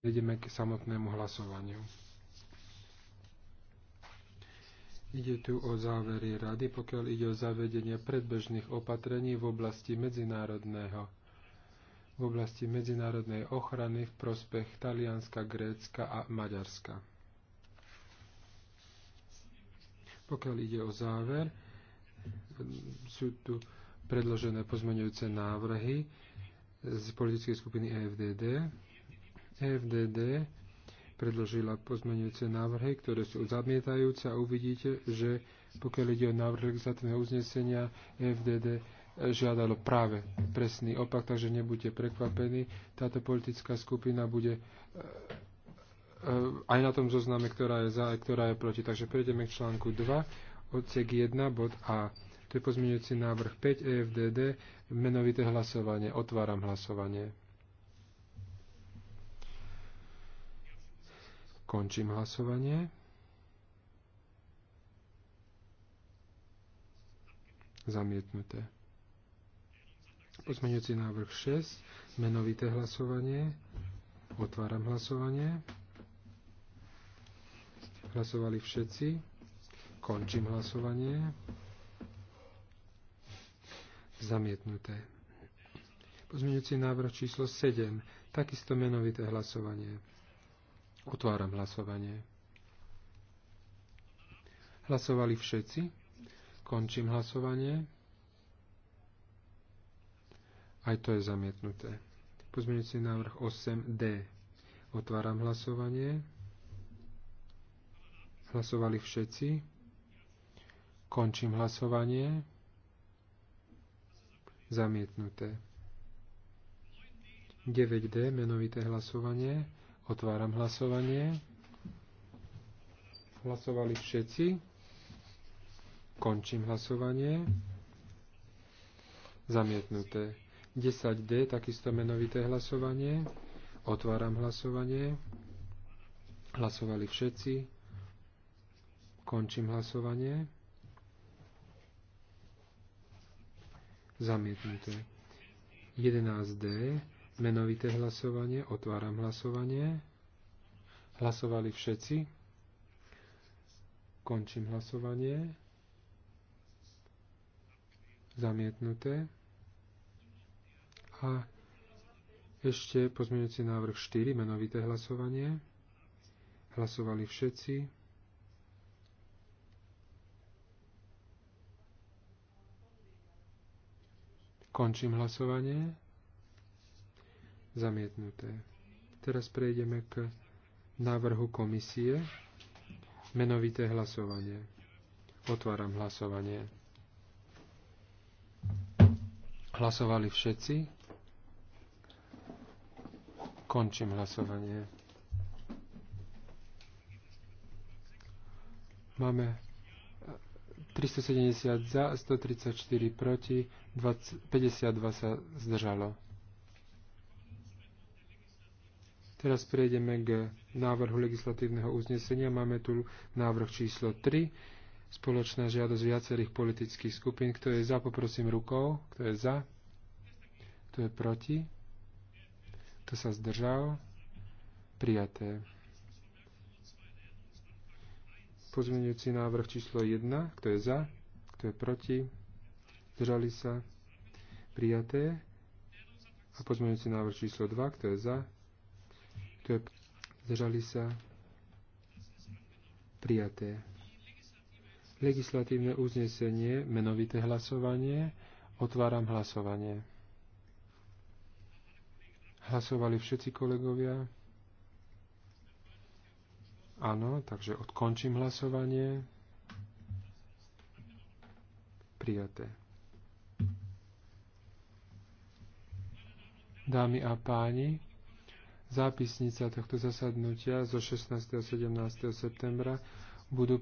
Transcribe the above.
Ideme k samotnému hlasovaniu. Ide tu o závery rady, pokiaľ ide o zavedenie predbežných opatrení v oblasti medzinárodného v oblasti medzinárodnej ochrany v prospech Talianska, Grécka a Maďarska. Pokiaľ ide o záver, sú tu predložené pozmeňujúce návrhy z politickej skupiny EFDD. FDD predložila pozmeňujúce návrhy, ktoré sú zamietajúce a uvidíte, že pokiaľ ide o návrh legislatívneho uznesenia, FDD žiadalo práve presný opak, takže nebuďte prekvapení. Táto politická skupina bude e, e, aj na tom zozname, ktorá je za a ktorá je proti. Takže prejdeme k článku 2, odsek 1, bod A. To je pozmeňujúci návrh 5 EFDD, menovité hlasovanie. Otváram hlasovanie. Končím hlasovanie. Zamietnuté. Pozmeňujúci návrh 6, menovité hlasovanie. Otváram hlasovanie. Hlasovali všetci. Končím hlasovanie. Zamietnuté. Pozmeňujúci návrh číslo 7, takisto menovité hlasovanie. Otváram hlasovanie. Hlasovali všetci. Končím hlasovanie. Aj to je zamietnuté. Pozmeňujúci návrh 8D. Otváram hlasovanie. Hlasovali všetci. Končím hlasovanie. Zamietnuté. 9D. Menovité hlasovanie. Otváram hlasovanie. Hlasovali všetci. Končím hlasovanie. Zamietnuté. 10D, takisto menovité hlasovanie. Otváram hlasovanie. Hlasovali všetci. Končím hlasovanie. Zamietnuté. 11D, Menovité hlasovanie. Otváram hlasovanie. Hlasovali všetci. Končím hlasovanie. Zamietnuté. A ešte pozmeňujúci návrh 4, menovité hlasovanie. Hlasovali všetci. Končím hlasovanie. Zamietnuté. Teraz prejdeme k návrhu komisie. Menovité hlasovanie. Otváram hlasovanie. Hlasovali všetci? Končím hlasovanie. Máme 370 eh, za, 134 proti, 20, 52 sa zdržalo. Teraz prejdeme k návrhu legislatívneho uznesenia. Máme tu návrh číslo 3, spoločná žiadosť viacerých politických skupín. Kto je za, poprosím rukou. Kto je za? Kto je proti? Kto sa zdržal? Prijaté. Pozmeňujúci návrh číslo 1. Kto je za? Kto je proti? Zdržali sa? Prijaté. A pozmeňujúci návrh číslo 2. Kto je za? kto držali sa prijaté. Legislatívne uznesenie, menovité hlasovanie. Otváram hlasovanie. Hlasovali všetci kolegovia? Áno, takže odkončím hlasovanie. Prijaté. Dámy a páni, Zápisnica tohto zasadnutia zo 16. a 17. septembra budú